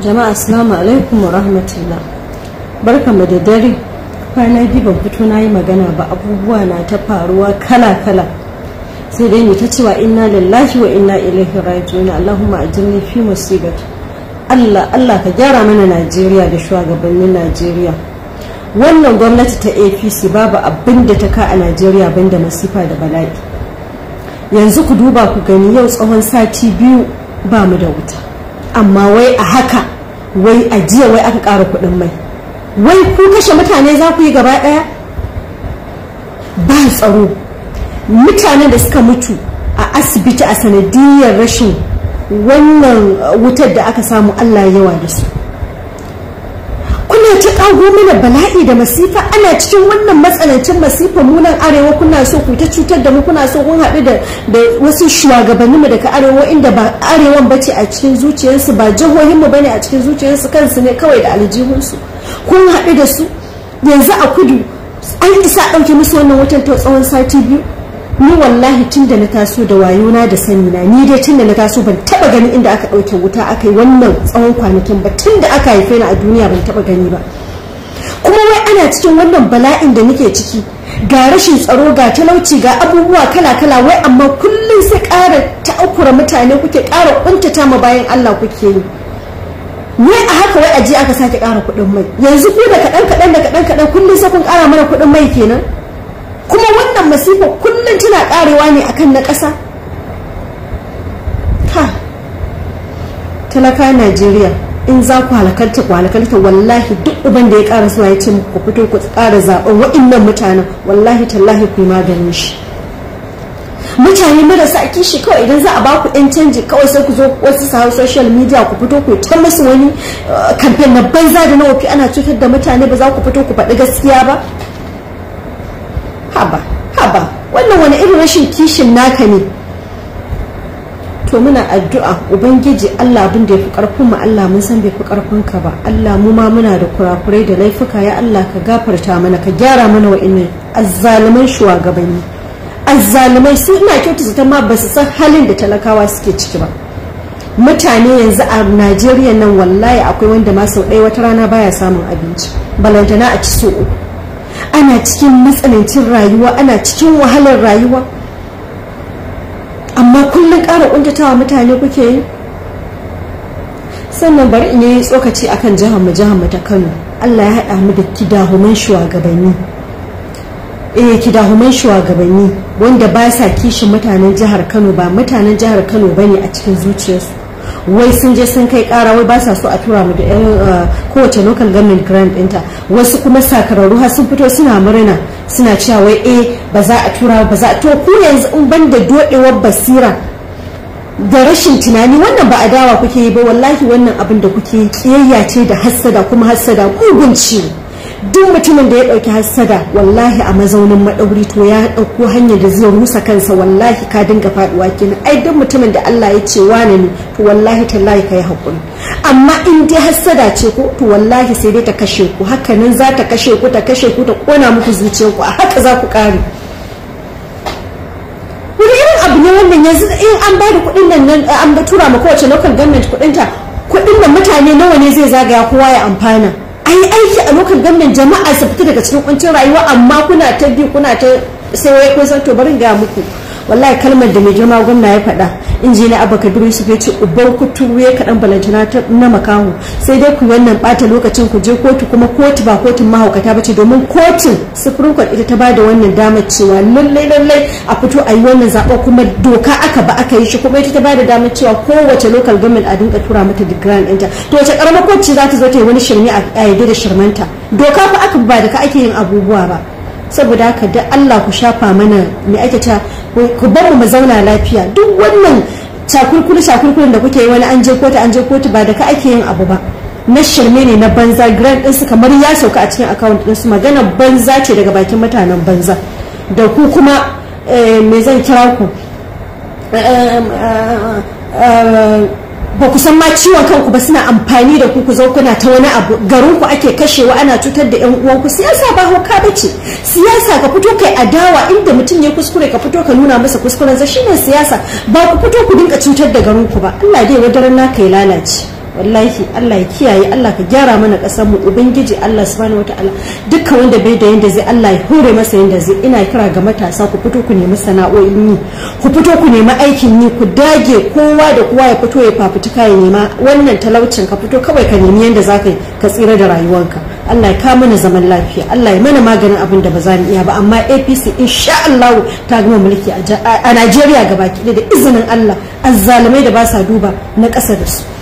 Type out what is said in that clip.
jama'a assalamu alaikum wa rahmatullah mu da dare kwana biyu ban fito na yi magana ba abubuwa na ta faruwa kala kala sai dai ta cewa inna lillahi wa inna ilaihi raji'un allahumma ajirni fi musibat allah allah ka gyara mana najeriya da shugabannin najeriya wannan gwamnati ta apc babu abin da ta ka a najeriya banda masifa da bala'i yanzu ku duba ku gani yau tsawon sati biyu ba mu da wuta amma wai a haka wai a jiya wai aka ƙara kuɗin mai wai ku kashe mutane za ku yi gaba ɗaya ba tsaro mutanen da suka mutu a asibiti a sanadiyar rashin wannan uh, wutar da aka samu allah yawa da su kuna ta kago mana bala'i da masifa ana cikin wannan matsanancin masifa munan arewa kuna so ku ta cutar da mu kuna so kun haɗu da wasu shugabanni mu daga arewa inda ba arewan bace a cikin zuciyarsu ba jihohin mu bane a cikin zuciyarsu kansu ne kawai da aljihunsu kun haɗu da su yanzu a kudu an isa ɗauke musu wannan watan ta tsawon sati biyu ni wallahi tun da na taso da wayo na da sani na ni dai tun da na taso ban taba gani inda aka ɗauke wuta aka yi wannan tsawon kwanakin ba tun da aka haife ni a duniya ban taba gani ba kuma wai ana cikin wannan bala'in da nake ciki ga rashin tsaro ga talauci ga abubuwa kala-kala wai amma kullum sai ƙara ta'aukura mutane kuke ƙara kuntata ma bayan Allah kuke yi wai a haka wai aje aka sake ƙara kuɗin mai yanzu ku da kaɗan-kaɗan da kaɗan-kaɗan kullum sai kun ƙara mana kuɗin mai kenan kuma wannan masifa kullum tana karewa ne akan na ƙasa ha talaka najeriya in za ku halakarta ku halakarta wallahi duk uban da ya ƙara suwa ya ce ku fito ku ƙara zaɓen waɗannan mutanen wallahi tallahi ku yi maganin shi mutane marasa kishi kawai idan za a ba ku yan canji kawai sai ku zo wasu sa social media ku fito ku ta musu wani kamfen eh, na banza da na ana cutar da mutane ba za ku fito ku faɗi gaskiya ba haba haba wannan wani irin rashin kishin naka ne to muna addu'a ubangiji Allah abin da ya fi karfin mu Allah mun san bai fi karfin ka ba Allah mu ma muna da kurakurai da laifuka ya Allah ka gafarta mana ka gyara mana wa'annan azzaliman shugabanni azzalumai sun ina kyautata ta ma ba su san halin da talakawa suke ciki ba mutane yanzu a Najeriya nan wallahi akwai wanda ma sau ɗaya wata rana baya samun abinci balantana a ci so uku ana cikin matsanancin rayuwa ana cikin wahalar rayuwa amma kullum ƙara ƙuntatawa mutane kuke yi sannan bari in yi tsokaci akan kan jihar mu ta Kano Allah ya haɗa mu da kidahuman shugabanni eh kidahuman shugabanni wanda ba sa kishin mutanen jihar Kano ba mutanen jihar Kano bane a cikin zuciyarsu wai sun je sun kai kara wai ba sa so a tura mu da uh, kowace local government grant ɗinta wasu kuma sakararru har sun fito suna murna suna cewa wai eh ba za a tura ba za to ku yanzu in ban da dodewar basira da rashin tunani wannan ba adawa kuke yi ba wallahi wannan abin da kuke kiyayya ce da hassada kuma hassada kugun gunci. duk mutumin da ya ɗauki hassada wallahi a mazaunin maɗauri to ya ɗauko hanyar da zai rusa kansa wallahi ka dinga faduwa kenan ai duk mutumin da Allah ya ce wane ne to wallahi tallahi kai hakuri amma in dai hassada ce ko to wallahi sai dai ta kashe ku Haka nan za ta kashe ku ta kashe ku ta kona muku zuciyarku a haka za ku ƙare wani irin abu ne wannan yanzu in an bada da kuɗin nan an tura ma kowace na government kuɗinta kuɗin da mutane nawa ne zai zagaya kowa ya amfana ai aiki a lokacin gwamnan jama'a su fita daga cikin kwancin rayuwa amma kuna ta biyu kuna ta sai wai kun san to barin ga muku wallahi kalmar da mai girma gwamna ya faɗa injiniya abba kabiru yusuf ya ce uban kuturu ya kaɗan balantana na makaho sai dai ku wannan ɓata lokacin ku je kotu kuma kotu ba kotun mahaukata ba ce domin kotun sufurin kwan ita ta bada wannan damar cewa lallai lallai a fito a yi wannan zaɓen kuma doka aka ba aka yi shi kuma ita ta bada damar cewa kowace lokal government a dinka tura mata da grand ɗinta to wace ƙaramar kotu za ta zo ta yi wani shirme a yadda da shirmanta doka ba aka ba da ka ake yin abubuwa ba saboda haka da Allah ku shafa mana me ake ta ku bar mu zauna lafiya duk wannan cakurkuri cakurkurin da kuke yi wani an je kotu an je kotu ba da ka ake yin abu ba na shirme ne na banza grand din su kamar ya sauka a cikin account din su magana banza ce daga bakin mutanen banza da ku kuma eh, me zan kira ku eh, eh, ba ku san ma ciwon kanku ba suna amfani da ku ku zo kuna ta wani abu garin ku ake kashewa ana cutar da yan uwanku siyasa ba hauka ce siyasa ka fito kai adawa inda mutum ya kuskure ka fito ka nuna masa kuskuren shi shine siyasa ba ku fito ku dinka cutar da garin ku ba Allah dai wadaran naka ya lalace wallahi Allah ya kiyaye Allah ka gyara mana kasar mu ubangiji Allah subhanahu wataala dukkan wanda bai da yanda zai Allah ya hore masa yanda zai ina kira ga matasa ku fito ku nemi sana'o'in ni ku fito ku nemi aikin ni ku dage kowa da kowa ya fito ya fafutuka ya nema wannan talaucin ka fito kawai ka nemi yanda zaka ka tsira da rayuwanka Allah ya kawo mana zaman lafiya Allah ya mana maganin abin da ba za mu iya ba amma APC insha Allah ta gama mulki a Najeriya gabaki da izinin Allah azzalumai da ba sa duba na ƙasa da su